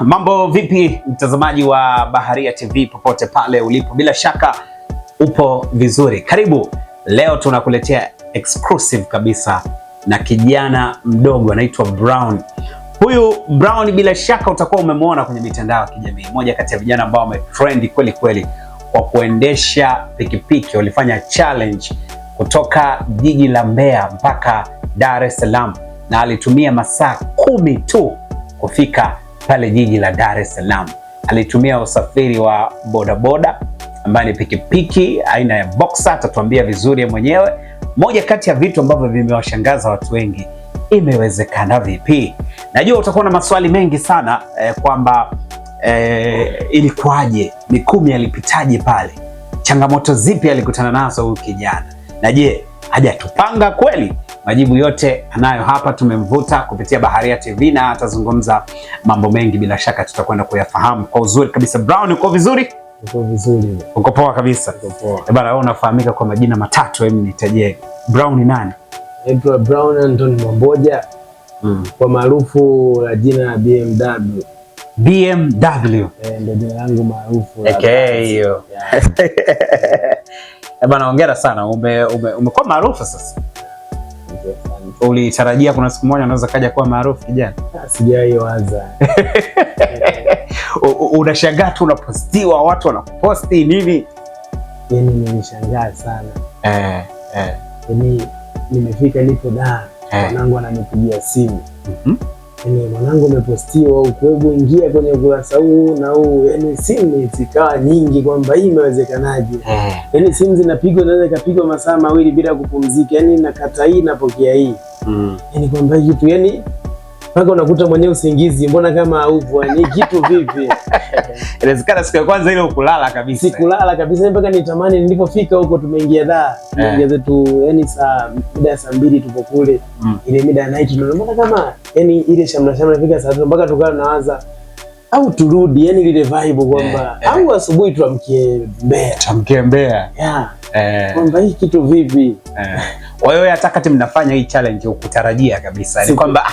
Mambo vipi, mtazamaji wa Baharia TV popote pale ulipo, bila shaka upo vizuri. Karibu, leo tunakuletea exclusive kabisa na kijana mdogo anaitwa Brown. Huyu Brown bila shaka utakuwa umemwona kwenye mitandao ya kijamii, moja kati ya vijana ambao wametrend kweli kweli kwa kuendesha pikipiki. Walifanya challenge kutoka jiji la Mbeya mpaka Dar es Salaam na alitumia masaa kumi tu kufika pale jiji la Dar es Salaam. Alitumia usafiri wa bodaboda ambaye ni pikipiki aina ya Boxer, atatuambia vizuri mwenyewe. Moja kati ya vitu ambavyo vimewashangaza watu wengi, imewezekana vipi? Najua utakuwa na maswali mengi sana eh, kwamba eh, ilikuwaje, Mikumi alipitaje pale, changamoto zipi alikutana nazo huyu kijana, na je hajatupanga kweli? Majibu yote anayo hapa, tumemvuta kupitia Baharia TV na atazungumza mambo mengi, bila shaka tutakwenda kuyafahamu kwa uzuri kabisa. Brown, uko vizuri? Uko vizuri. Uko poa kabisa. Uko poa. Eh, bana, wewe unafahamika kwa majina matatu, hebu nitajie. Brown nani? Edward Brown Anton Mwamboja mm. kwa maarufu la jina la BMW. BMW. Eh, Ndio jina langu maarufu. Hiyo. Eh, bana, hongera sana, umekuwa ume, maarufu sasa. Ulitarajia kuna siku moja unaweza kaja kuwa maarufu kijana? Ah, Sijawahi waza. Unashangaa tu unapostiwa, watu wanakuposti nini? Yani nilishangaa sana eh, eh. Yani nimefika lipo da, eh. mwanangu eh, ananipigia simu mm -hmm yani mwanangu mepostiwa huko, hebu ingia kwenye ukurasa huu na huu. Yani simu zikawa nyingi kwamba hii imewezekanaje? Yani eh. simu zinapigwa, inaweza ikapigwa masaa mawili bila kupumzika, yani nakata hii napokea hii, mm. yani kwamba hii yani mpaka unakuta mwenyewe usingizi, mbona kama haupo, ni kitu vipi? Inawezekana siku ya kwanza ile ukulala kabisa, sikulala kabisa mpaka nitamani. Nilipofika huko, tumeingia da eh. ingia zetu, yani saa mida ya saa mbili tupo kule, mm. ile mida ya night, ndio mbona kama yani ile shamra shamra fika saa tatu mpaka tukaa nawaza au turudi, yani lile vibe kwamba eh, eh. au asubuhi tuamkie Mbeya, tuamkie Mbeya yeah. Eh, kwamba hii kitu vipi eh. Wewe hata kati mnafanya hii challenge, ukutarajia kabisa ni kwamba ah,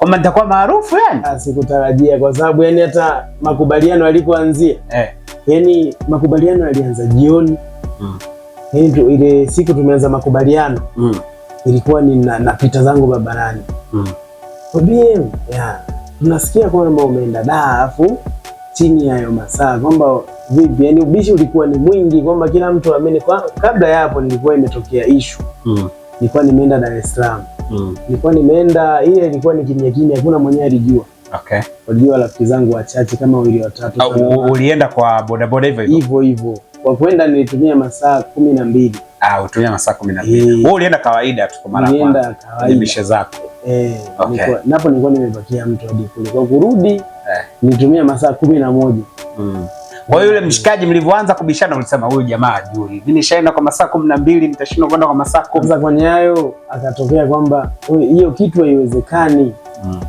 kwamba nitakuwa maarufu yani? Ah, sikutarajia kwa sababu yani hata makubaliano yalipoanzia eh. Yani makubaliano yalianza jioni mm. Yani ile siku tumeanza makubaliano mm. Ilikuwa ni pita zangu barabarani mm. Tunasikia kwamba umeenda daa afu chini ya hayo masaa kwamba vipi, yani ubishi ulikuwa ni mwingi, kwamba kila mtu amini. Kabla ya hapo nilikuwa imetokea ishu mm. Nilikuwa nimeenda Dar es Salaam Mm. nilikuwa nimeenda, ile ilikuwa ni kimya kimya, hakuna mwenyewe alijua. Okay. Walijua rafiki zangu wachache kama wawili watatu. Ulienda kwa boda hivyo hivyo? Hivyo hivyo. Kwa kwenda nilitumia masaa kumi na Ah, utumia masaa kumi na eh. Wewe ulienda kawaida tu kwa mara kwanza. Nilienda kawaida. Mishe zako. Eh, okay. Napo nilikuwa nimebakia mtu hadi kule. Kwa kurudi eh, nilitumia masaa kumi na moja. Mm. Kwa hiyo yule mshikaji mlivyoanza kubishana ulisema huyu jamaa ajui. Mimi nishaenda kwa masaa 12 nitashindwa kwenda kwa masaa 10. Sasa kwenye hayo akatokea kwamba hiyo kitu haiwezekani. Mm.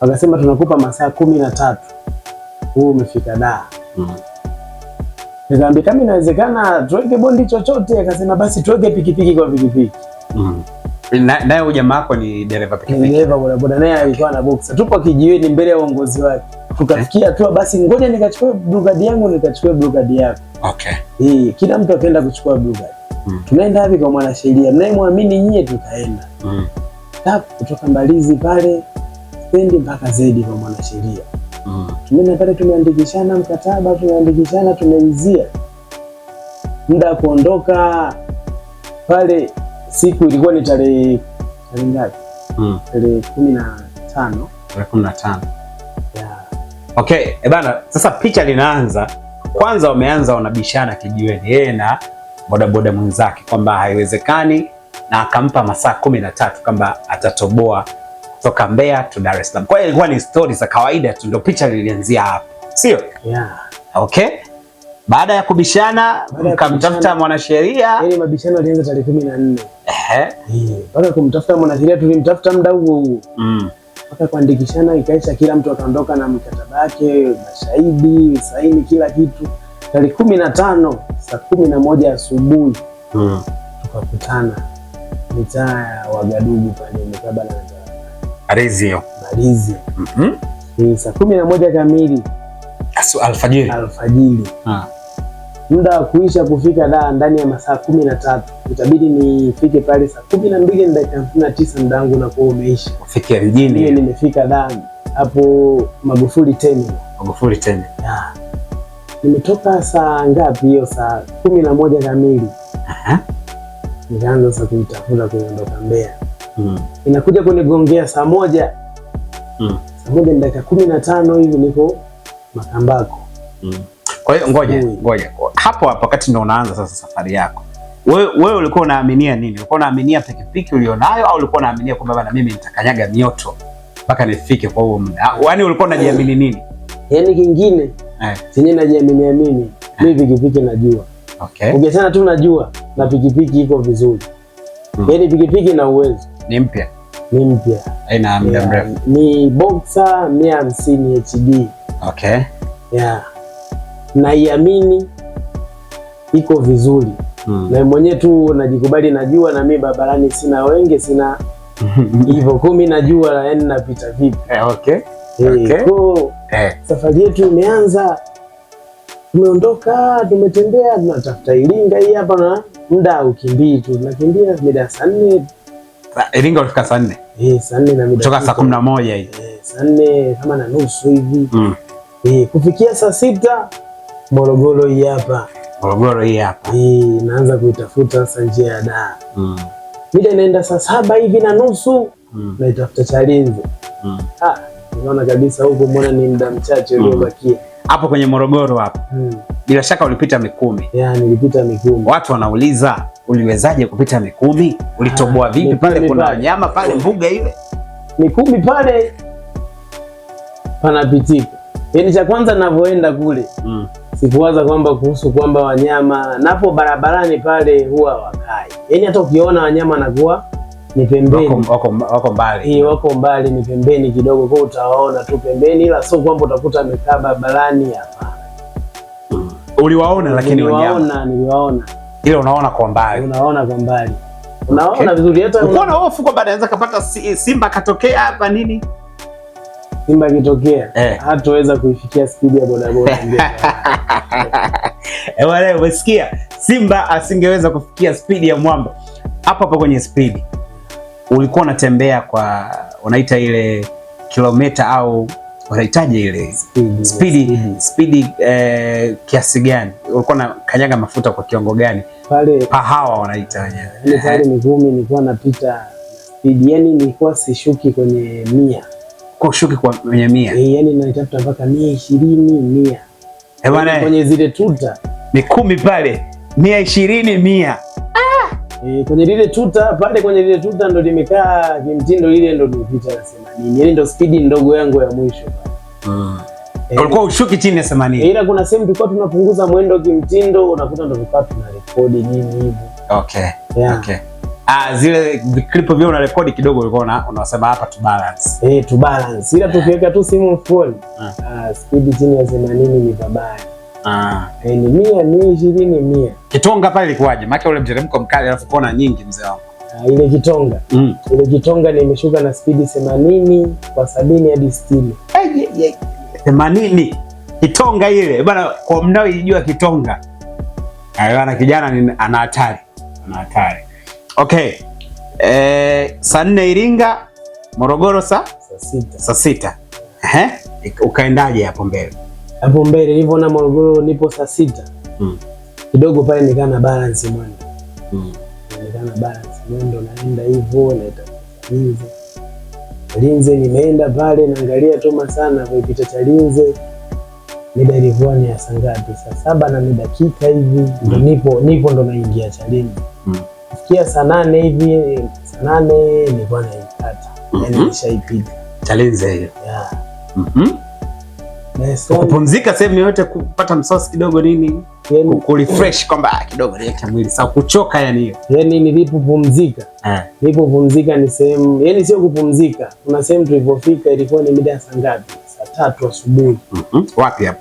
Akasema tunakupa masaa 13. Wewe umefika da. Mm. Nikamwambia kama inawezekana tuweke bondi chochote, akasema basi tuweke pikipiki kwa pikipiki. Mm. Naye huyu jamaa wako ni dereva pikipiki. Dereva bodaboda naye alikuwa na boxer. Tupo kijiweni mbele ya uongozi wake tukafikia hatua okay. Basi ngoja nikachukue blue card yangu nikachukue blue card yako okay. E, kila mtu akaenda kuchukua blue card mm. Tunaenda hapi kwa mwanasheria mnayemwamini nyie, tukaenda mm. kutoka Mbalizi pale stendi mpaka zedi kwa mwanasheria mm. Tumeenda pale tumeandikishana mkataba tumeandikishana tumeizia muda kuondoka pale, siku ilikuwa ni tarehe tarehe ngapi? Hmm. tarehe kumi na tano tarehe kumi na tano Okay, e bana, sasa picha linaanza. Kwanza wameanza wanabishana kijiweni, yeye na bodaboda mwenzake kwamba haiwezekani, na akampa masaa kumi na tatu kwamba atatoboa kutoka Mbeya to Dar es Salaam. Kwa hiyo ilikuwa ni stori za kawaida tu, ndio picha lilianzia hapo, sio? Yeah. Okay. Baada ya kubishana mkamtafuta mwanasheria. Yaani mabishano yalianza tarehe 14. Ehe. Baada kumtafuta mwanasheria tulimtafuta muda huo huo. Mm mpaka kuandikishana ikaisha, kila mtu akaondoka na mkataba wake, mashahidi, saini, kila kitu. Tarehe kumi na tano saa kumi na moja asubuhi hmm. tukakutana mitaa ya Wagadugu pale mkabala na mm -hmm. saa kumi na moja kamili alfajiri alfajiri hmm muda wa kuisha kufika da ndani ya masaa kumi na tatu itabidi nifike pale saa kumi na mbili na dakika hamsini na tisa muda wangu unakuwa umeisha kufikia mjini. Hiyo nimefika da hapo Magufuli Terminal. Magufuli Terminal. Nimetoka saa ngapi hiyo? Saa kumi na moja kamili. Nikaanza sasa kuitafuta kuondoka Mbeya. Mm. Inakuja kunigongea saa moja. Mm. Saa moja ni dakika kumi na tano hivi niko Makambako. Mm. Kwa hiyo ngoja ngoja, hapo hapo wakati ndo unaanza sasa safari yako wewe, wewe ulikuwa unaaminia nini? Ulikuwa unaaminia pikipiki ulionayo au ulikuwa unaaminia kwamba bana, mimi nitakanyaga mioto mpaka nifike kwa huo muda? Yaani ulikuwa unajiamini nini? Yaani kingine Eh. chenye najiamini amini, eh. mimi pikipiki najua. Okay. Ukisema tu najua na pikipiki iko vizuri. Hmm. Yaani pikipiki na uwezo. Ni mpya. Ni mpya. Haina eh, muda mrefu. Ni Boxer 150 HD. Okay. Yeah naiamini iko vizuri mm. na mwenyewe tu najikubali, najua na mimi barabarani sina wengi, sina hivyo kumi, najua yani napita vipi eh, okay. Hey, eh, okay. Ko, eh. Safari yetu imeanza, tumeondoka, tumetembea, tunatafuta Iringa hii hapa, na muda ukimbii tu, tunakimbia mida ya saa nne Iringa ulifika saa nne eh, saa kutoka saa kumi na moja hii eh, saa nne kama na nusu hivi mm. eh, kufikia saa sita Morogoro hii hapa. Morogoro hii hapa. Eh, naanza kuitafuta sasa njia ya da. Mm. Mimi naenda saa saba hivi na nusu mm. naitafuta Chalinze. Mm. Ah, unaona kabisa huko mbona ni muda mchache mm. uliobakia. Hapo kwenye Morogoro hapo. Mm. Bila shaka ulipita Mikumi. Yeah, nilipita Mikumi. Watu wanauliza uliwezaje kupita Mikumi? Ulitoboa ah, vipi pale? Kuna wanyama pale, mbuga ile Mikumi pale panapitika. Yaani cha kwanza ninavyoenda kule mm sikuwaza kwamba kuhusu kwamba wanyama napo barabarani pale huwa wakai, yaani hata ukiona wanyama anakuwa ni pembeni, wako, wako, mbali mbali, wako mbali, ni pembeni kidogo, kwa utawaona tu pembeni, ila sio kwamba utakuta amekaa barabarani hapa. Uliwaona lakini wanyama niliwaona, ila unaona kwa mbali, unaona kwa mbali, unaona vizuri, hata unaona hofu kwamba anaweza kapata simba katokea hapa nini Simba kitokea eh, kuifikia spidi ya bodaboda eh, wale. Umesikia, Simba asingeweza kufikia spidi ya mwamba. Hapo hapo kwenye spidi ulikuwa unatembea kwa unaita ile kilomita au unahitaji ile spidi spidi, mm-hmm. eh, kiasi gani ulikuwa na kanyaga mafuta kwa kiongo gani pale? Pahawa wanaita ile pale Mikumi, eh. nilikuwa napita spidi yani nilikuwa sishuki kwenye mia kwa shuki kwa kwenye mia. Eh, yani nalitafuta mpaka mia ishirini mia. Eh bwana, yaani kwenye zile tuta ni kumi pale mia ishirini mia. Ah! Eh, kwenye lile tuta pale kwenye lile tuta ndo limekaa kimtindo ile ndo nilipita na 80. Yani ndo spidi ndogo yangu ya mwisho. Mm. Eh, ulikuwa ushuki chini ya 80. Eh, ila kuna sehemu tulikuwa tunapunguza mwendo kimtindo unakuta ndo vipatu na rekodi nini hivi. Okay. Yeah. Okay uh, zile clip vile una record kidogo ulikuwa unasema hapa tu balance. Eh, tu balance. Ila tukiweka tu simu full. ah, ah speed chini ya 80 ni vibaya. Ah, Eh, ni 100, ni ni 100. Kitonga pale ilikuwaje? Maana ule mteremko mkali alafu kona nyingi mzee wangu. Uh, ile kitonga mm. Ile kitonga nimeshuka na speed 80 kwa 70 hadi 60. 80 kitonga ile Bana kwa mnao ijua kitonga bwana, kijana ana hatari, ana hatari Okay. Eh, saa nne Iringa, Morogoro saa saa sita. Ehe, ukaendaje hapo mbele? Hapo mbele nilivyoona Morogoro nipo saa sita mm. kidogo pale nikana balance mwendo mm. nikana balance mwendo naenda hivyo naenda Linze. Linze nimeenda pale naangalia tu masaa na kuipita cha Linze mida ilikuwa ni saa ngapi? Saa saba na dakika hivi ndo hmm. nipo nipo ndo naingia cha mm fikia saa nane hivi, saa nane nilikuwa naipata, mhm. yani nishaipiga challenge hiyo. Mhm. Kupumzika sehemu yoyote, kupata msosi kidogo nini, yaani- ku refresh kwamba ah, kidogo niweke mwili sawa, kuchoka yani hiyo. Yani nilipopumzika, eh. nilipopumzika ni sehemu, yani sio kupumzika. Kuna sehemu tulipofika ilikuwa ni mida ya saa ngapi? Saa tatu asubuhi. Mhm. Wapi hapo?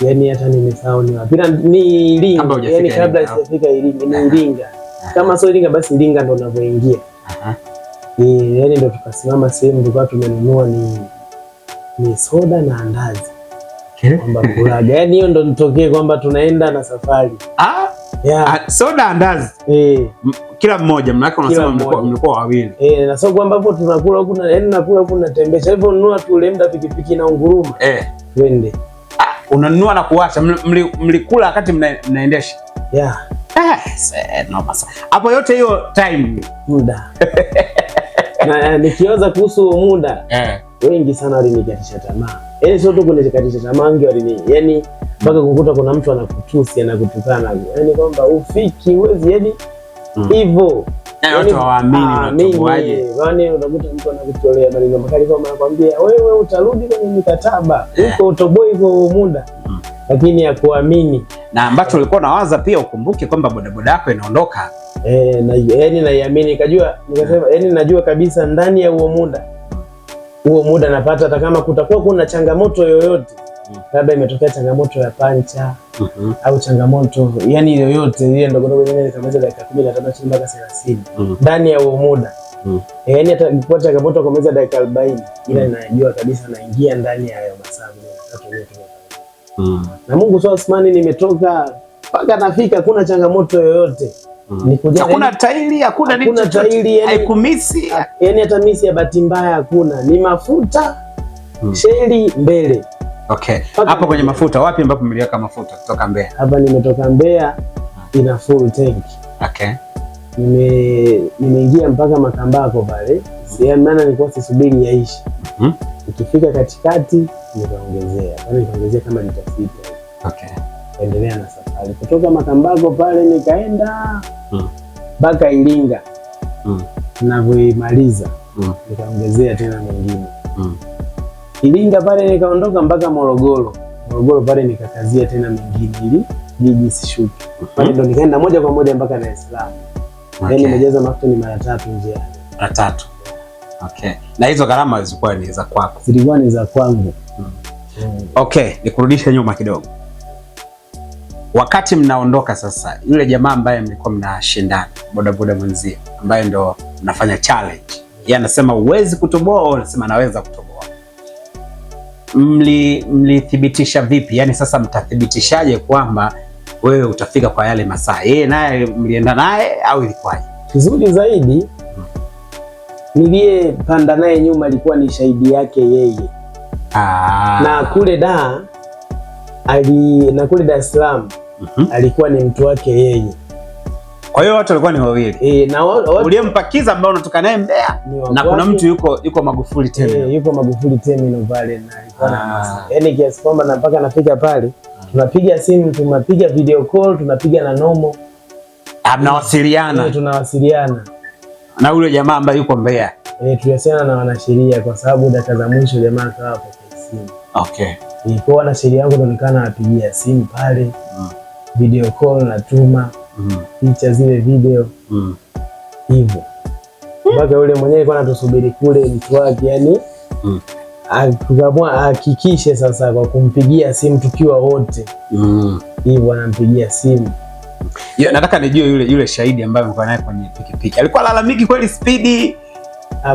Yani hata nimesahau ni wapi, ni Iringa, yani kabla yaani sijafika Iringa, ni eh. Iringa kama sio Iringa basi Iringa ndo unavyoingia. Eh, yani ndo tukasimama sehemu tulikuwa tumenunua ni ni soda na andazi. Kwamba kulaga. Yani hiyo ndo nitokee kwamba tunaenda na safari. Ah? Yeah. Soda andazi. Eh. Kila mmoja mnaka unasema mlikuwa mlikuwa wawili. Eh, na sio kwamba hapo tunakula huku na yani nakula huku natembesha. Hivyo nunua tu lemda pikipiki na unguruma. Eh. Twende. Ah, unanunua na kuacha mlikula mli, wakati mnaendesha. Yeah hapo yote hiyo time muda na eh, nikioza kuhusu muda eh. Wengi sana walinikatisha tamaa, yaani sio tu kunikatisha tamaa, wengi walini yani mpaka kukuta kuna mtu anakutusi anakutukana, yaani kwamba ufiki uwezi, yani mm. hivyo eh, yaani, waamini ah, utakuta yaani mtu anakutolea maneno makali kama anakwambia wewe utarudi kwenye mikataba eh. uko utoboi kwa muda, mm. lakini ya kuamini na ambacho ulikuwa unawaza pia ukumbuke kwamba bodaboda yako inaondoka. Eh, na, yani naiamini nikajua nikasema, yani najua kabisa ndani ya huo muda huo muda napata, hata kama kutakuwa kuna changamoto yoyote labda imetokea changamoto ya pancha mm -hmm. au changamoto yani yoyote ile ndogo ndogo yenyewe kamaweza dakika na 15 mpaka 30 mhm. ndani ya huo muda mm -hmm. yani hata kwa changamoto kwa meza dakika 40 ila mm inajua kabisa naingia ndani ya hayo Ah. na Mungu sio asimani, nimetoka mpaka nafika, kuna changamoto yoyote Mm. Hakuna tairi, hakuna nini tairi, haikumisi. hata misi ya bahati mbaya hakuna. Ni mafuta mm. sheli mbele. Okay. Hapo kwenye mafuta wapi ambapo mliweka mafuta kutoka Mbeya? Hapa nimetoka Mbeya ina full tank. Okay. Nime nimeingia mpaka Makambako pale. Hmm. Maana nilikuwa sisubiri yaishi. Mhm. Mm Ikifika katikati nitaongezea, yaani nitaongezea kama lita sita. Okay. Endelea na safari kutoka Makambako pale nikaenda mm. mpaka mm. Iringa mm. navyoimaliza mm. nikaongezea tena mwingine mm. Iringa pale nikaondoka mpaka Morogoro. Morogoro pale nikakazia tena mwingine ili jiji sishuke. mm -hmm. ndo nikaenda moja kwa moja mpaka Dar es Salaam. Yaani okay. Yaani nimejaza mafuta ni mara tatu njiani. Mara tatu. Okay. Na hizo gharama zilikuwa ni za kwako? Zilikuwa ni za kwangu. hmm. Okay, nikurudishe nyuma kidogo. Wakati mnaondoka sasa, yule jamaa ambaye mlikuwa mnashindana bodaboda mwenzie, ambaye ndo mnafanya challenge, yeye anasema huwezi kutoboa, au anasema naweza kutoboa, mli mlithibitisha vipi? Yaani sasa mtathibitishaje kwamba wewe utafika kwa yale masaa? Yeye naye mlienda naye au ilikuwaje? Kizuri zaidi niliyepanda naye nyuma alikuwa ni shahidi yake yeye. Aa. Ah. Na kule da ali na kule Dar es Salaam mm -hmm. alikuwa ni mtu wake yeye. Kwa hiyo watu walikuwa ni wawili. E, na uliyempakiza ambao unatoka naye Mbeya na kuna mtu yuko yuko Magufuli tena. E, yuko Magufuli tena pale na alikuwa na ah. yani kiasi kwamba na mpaka nafika pale tunapiga simu tunapiga video call tunapiga na nomo. Ah, eh, tunawasiliana. Tunawasiliana na ule jamaa ambaye yuko Mbeya. Eh, tuliwasiliana na wanasheria kwa sababu dakika za mwisho jamaa kawa hapo kwa simu. Okay. Nilikuwa wanasheria wangu naonekana anapigia simu pale. Mm. Video call natuma. Mm. Picha zile video. Mm. Hivyo. Mpaka yule mwenyewe alikuwa anatusubiri kule mtu wake yani. Mm. ahakikishe sasa kwa kumpigia simu tukiwa wote. Mm. Hivyo anampigia simu. Yo, nataka nijue yule yule shahidi ambaye mko naye kwenye pikipiki alikuwa lalamiki kweli spidi?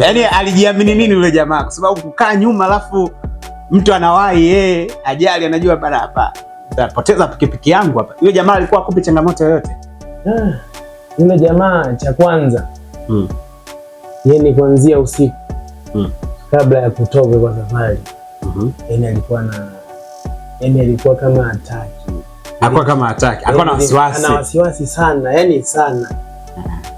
Yaani alijiamini nini yule jamaa, kwa sababu kukaa nyuma alafu mtu anawahi yeye ajali, anajua bana, hapa tapoteza pikipiki yangu hapa. Yule jamaa alikuwa akupi changamoto yoyote? Ah, yule jamaa cha kwanza mm. yeye ni kuanzia usiku mm. kabla ya kutoka kwa safari mm -hmm. alikuwa na, yani alikuwa kama hataki Hakuwa kama hataki, hakuwa na wasiwasi. Ana wasiwasi sana, yani sana.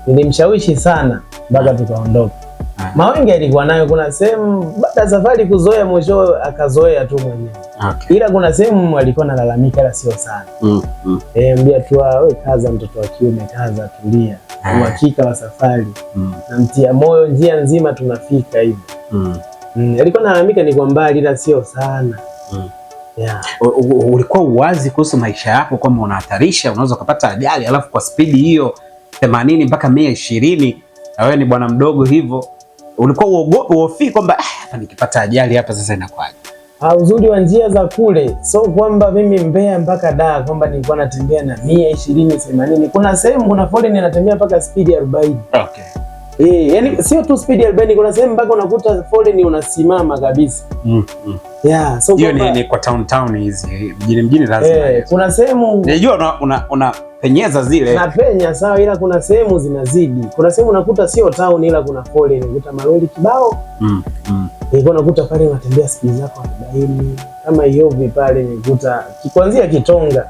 Nilimshawishi sana mpaka ah. tukaondoka. Ah. Mawenge alikuwa nayo, kuna sehemu baada safari kuzoea, mwisho akazoea tu mwenyewe. Okay. Ila kuna sehemu alikuwa analalamika, ila sio sana. Mm, mm. E, eh, mbia tu ah, wewe, kaza mtoto wa kiume, kaza, tulia. Uhakika wa safari. Mm. Namtia moyo njia nzima tunafika hivi. Mm. Mm. Alikuwa analalamika ni kwa mbali, ila sio sana yeah. Ulikuwa uwazi kuhusu maisha yako kwamba unahatarisha, unaweza ukapata ajali, alafu kwa spidi hiyo 80 mpaka mia na wewe ni bwana mdogo hivyo, ulikuwa uogopi uofi kwamba ah, nikipata ajali hapa sasa inakwaje? Ah, uzuri wa njia za kule, so kwamba mimi Mbeya mpaka da kwamba nilikuwa natembea na mia 80, Kuna sehemu kuna foleni natembea mpaka spidi 40 Okay. Eh, yani sio tu speed 40, kuna sehemu mpaka unakuta foleni unasimama kabisa. Mm, mm. Yeah, so hiyo ni, ni kwa town town hizi. Mjini mjini lazima. Eh, kuna sehemu unajua una, una, una penyeza zile. Na penya sawa, ila kuna sehemu zinazidi. Kuna sehemu unakuta sio town ila kuna foleni, unakuta malori kibao. Mm, mm. Nilikuwa nakuta pale unatembea speed zako 40. Kama hiyo vi pale nilikuta kuanzia Kitonga.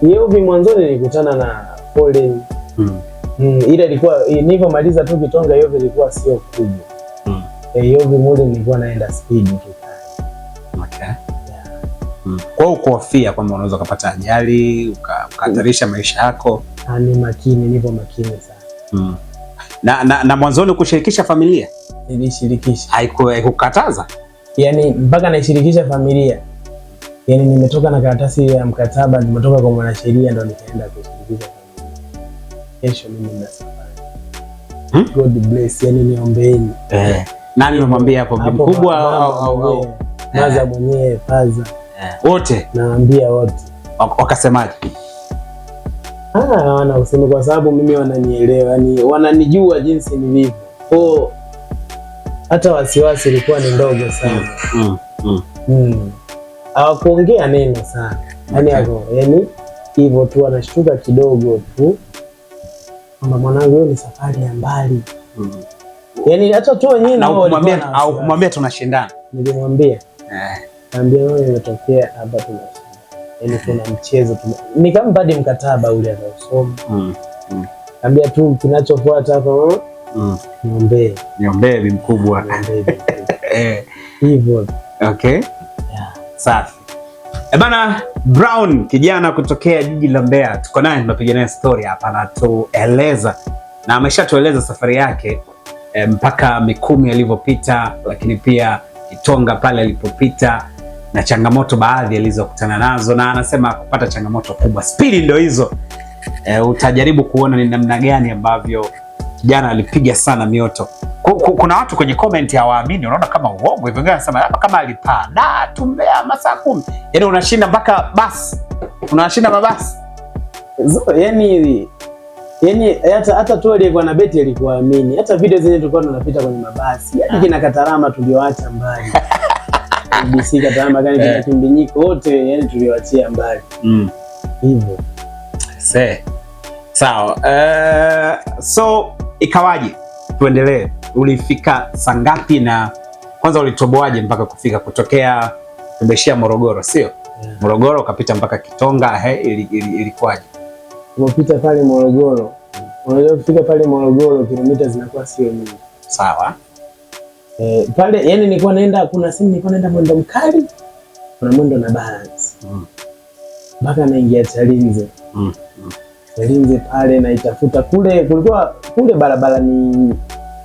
Hiyo eh. vi mwanzoni nilikutana na foleni. Mm. Mm, ile ilikuwa nilivyomaliza tu Kitonga yovi ilikuwa sio kubwa. Mm. E, eh, yovi mule nilikuwa naenda speed tu. Okay. Yeah. Mm. Kwa hiyo ukofia kwamba unaweza kupata ajali, ukahatarisha uka maisha yako. Ah, ni makini, nipo makini sana. Mm. Na, na, na mwanzoni kushirikisha familia? Nilishirikisha. Haikukataza? Yaani mpaka naishirikisha familia. yani nimetoka na karatasi ya mkataba, nimetoka kwa mwanasheria ndo nikaenda kushirikisha. familia kesho mimi na safari. Hmm? God bless, yani niombeeni. Eh. Nani unamwambia hapo bibi mkubwa au au au maza eh. mwenyewe faza? Eh. Wote. Naambia wote. Wakasemaje? Ah, wana kusema kwa sababu mimi wananielewa, yani wananijua jinsi nilivyo. Kwa hata wasiwasi ilikuwa ni ndogo sana. Mm. Mm. Mm. mm. Hawakuongea neno sana. Yaani okay. Hapo, yani hivyo tu anashtuka kidogo tu kwamba mwanangu, hiyo ni safari ya mbali mm. Mm-hmm. Yani hata tu wenyewe na kumwambia au kumwambia tunashindana, nilimwambia eh, niambia wewe umetokea hapa tu, yani kuna mchezo tu, ni kama hadi mkataba ule anaosoma mm. mm. Niambia tu kinachofuata hapo mm. mm. Niombe niombe bi mkubwa eh hivyo. Okay, yeah. Safi. Ebana eh, Brown kijana kutokea jiji la Mbeya, tuko naye tunapiga naye story hapa, anatueleza na ameshatueleza safari yake e, mpaka Mikumi alivyopita, lakini pia Kitonga pale alipopita na changamoto baadhi alizokutana nazo, na anasema kupata changamoto kubwa spidi ndio hizo e, utajaribu kuona ni namna gani ambavyo kijana alipiga sana mioto. Kuna watu kwenye comment hawaamini, unaona kama uongo hivyo, anasema hapa ah, kama alipaa na tumbea masaa kumi, yani unashinda mpaka basi, unashinda mabasi yani yani hata hata tu aliyekuwa na beti alikuamini, hata video zenye tulikuwa tunapita kwenye mabasi, yaani ah. kina Katarama tuliwaacha mbali BC Katarama gani kina eh. kimbinyiko wote, yani tuliwaachia mbali mm. hivyo sawa. Eh, so ikawaje? Tuendelee ulifika saa ngapi, na kwanza ulitoboaje mpaka kufika kutokea tumeshia Morogoro, sio yeah. Morogoro ukapita mpaka Kitonga he, ili, ili, ilikuwaje? Unapita pale Morogoro, unajua kufika pale Morogoro kilomita zinakuwa sio nyingi. Sawa eh, pale yani nilikuwa naenda, kuna simu nilikuwa naenda mwendo mkali, kuna mwendo na balance mm. mpaka mm. naingia Chalinze mm. mm. Chalinze pale naitafuta kule, kulikuwa kule barabara ni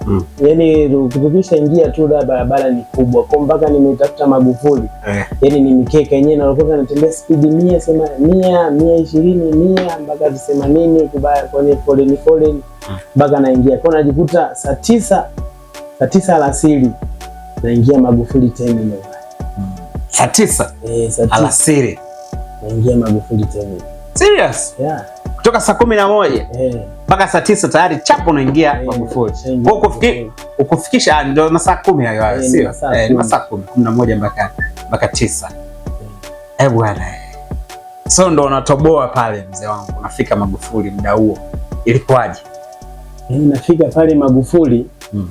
mm. Yani kupitisha njia tu la barabara ni kubwa kwa mpaka nimetafuta Magufuli eh. Yani ni mikeka yenyewe nalokuwa natembea spidi mia sema mia mia ishirini mia mpaka themanini kwenye foleni foleni mm. mpaka mm. naingia kwa najikuta saa tisa saa tisa alasiri naingia Magufuli terminal mm. saa tisa eh, saa tisa alasiri naingia Magufuli terminal serious yeah kutoka saa kumi na moja eh mpaka saa tisa tayari chapo unaingia Magufuli. Ukufikisha ah, ndio saa kumi hayo hayo, sio? Eh, ni masaa kumi kumi na moja mpaka mpaka tisa. Eh bwana, so ndo unatoboa pale, mzee wangu, unafika Magufuli muda huo, ilikuwaje? Nafika pale Magufuli, hmm.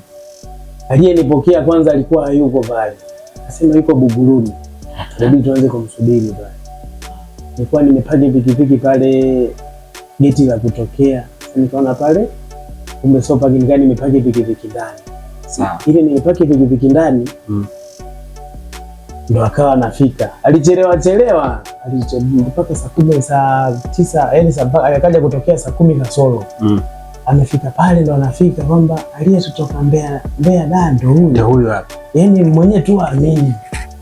Aliyenipokea kwanza alikuwa hayuko pale, asema yuko Buguruni, inabidi tuanze kumsubiri pale. Nilikuwa nimepaki pikipiki pale geti la kutokea nikaona pale kumbe sio paki, gani, nimepaki pikipiki ndani. Sawa. Ile nimepaki pikipiki ndani mm. Ndo akawa anafika, alichelewa chelewa, mpaka saa kumi saa tisa yani akaja kutokea saa kumi kasoro mm. Amefika pale ndo anafika kwamba aliyetutoka Mbeya Mbeya da ndo huyo, yani yaani mwenyewe tu aamini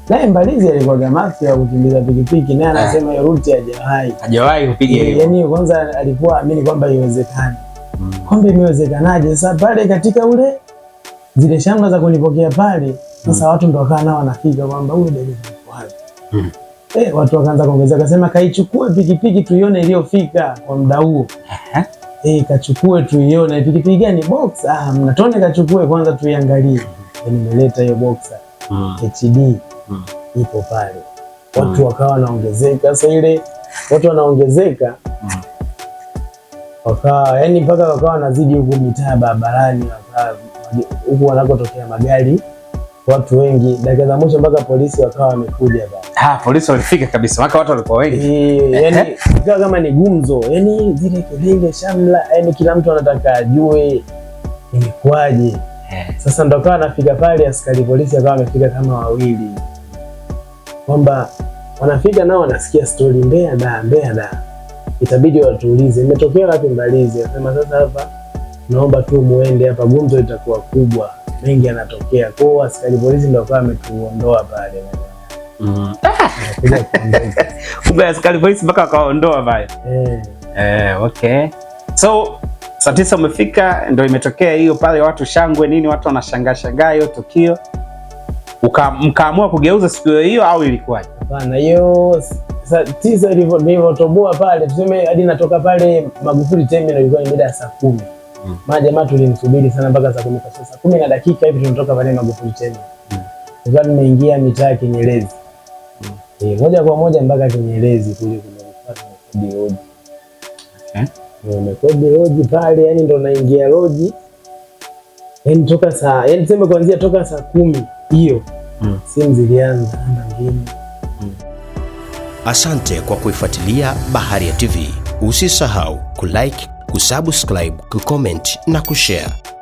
naye Mbalizi alikuwa master ya kukimbiza pikipiki, naye eh. anasema hiyo ruti hajawahi hajawahi kupiga hiyo. Yani kwanza alikuwa amini kwamba iwezekani, mm. kumbe imewezekanaje? Sasa pale katika ule zile shamba za kulipokea pale sasa, mm. watu ndo wakaa nao wanafika kwamba huyu dereva mm. Eh, watu wakaanza kuongezea, akasema kaichukue pikipiki tuione iliyofika kwa muda huo eh, kachukue tuione pikipiki gani? Boxer ah, mnatone kachukue kwanza tuiangalie. Mm. Nimeleta yaani hiyo boxer HD mm. ipo pale watu mm. wakawa wanaongezeka. Sasa ile watu wanaongezeka mm. wakawa yani mpaka wakawa wanazidi huku mitaa barabarani, huku wanakotokea magari watu wengi, dakika za mwisho mpaka polisi wakawa wamekuja bana. Polisi walifika kabisa, maka watu walikuwa wengi e, yani ikawa kama ni gumzo, yani zile kelele shamla, yani kila mtu anataka ajue imekuwaje. Sasa ndo kawa anafika pale, askari polisi akawa amefika kama wawili kwamba wanafika nao wanasikia stori Mbeya da Mbeya da, itabidi watuulize imetokea wapi Mbalizi. Anasema sasa hapa naomba tu muende hapa, gumzo itakuwa kubwa, mengi yanatokea hiyo Askari polisi ndio kwa ametuondoa pale mm. kumbe askari polisi mpaka wakaondoa pale eh. Eh, okay so saa tisa umefika, ndio imetokea hiyo pale, watu shangwe nini, watu wanashangaa shangaa hiyo tukio mkaamua kugeuza siku hiyo hiyo au ilikuwaje? Hapana, hiyo saa tisa nilivyotoboa pale, tuseme hadi natoka pale Magufuli terminal ilikuwa ni mida ya saa kumi. Mm. Majamaa tulimsubiri sana mpaka saa kumi kasoro saa kumi na dakika hivi tunatoka pale Magufuli terminal. Mm. Ndio nimeingia mitaa ya Kinyerezi. Mm. E, moja kwa moja mpaka Kinyerezi kule kumefuata kodi roji. Okay. Eh? Nimekodi roji pale, yani ndo naingia roji. Yaani toka saa, yani tuseme kuanzia toka saa kumi hiyo mm. simu zilianza na mimi mm. Asante kwa kuifuatilia Baharia TV. Usisahau kulike, kusubscribe, kucomment na kushare.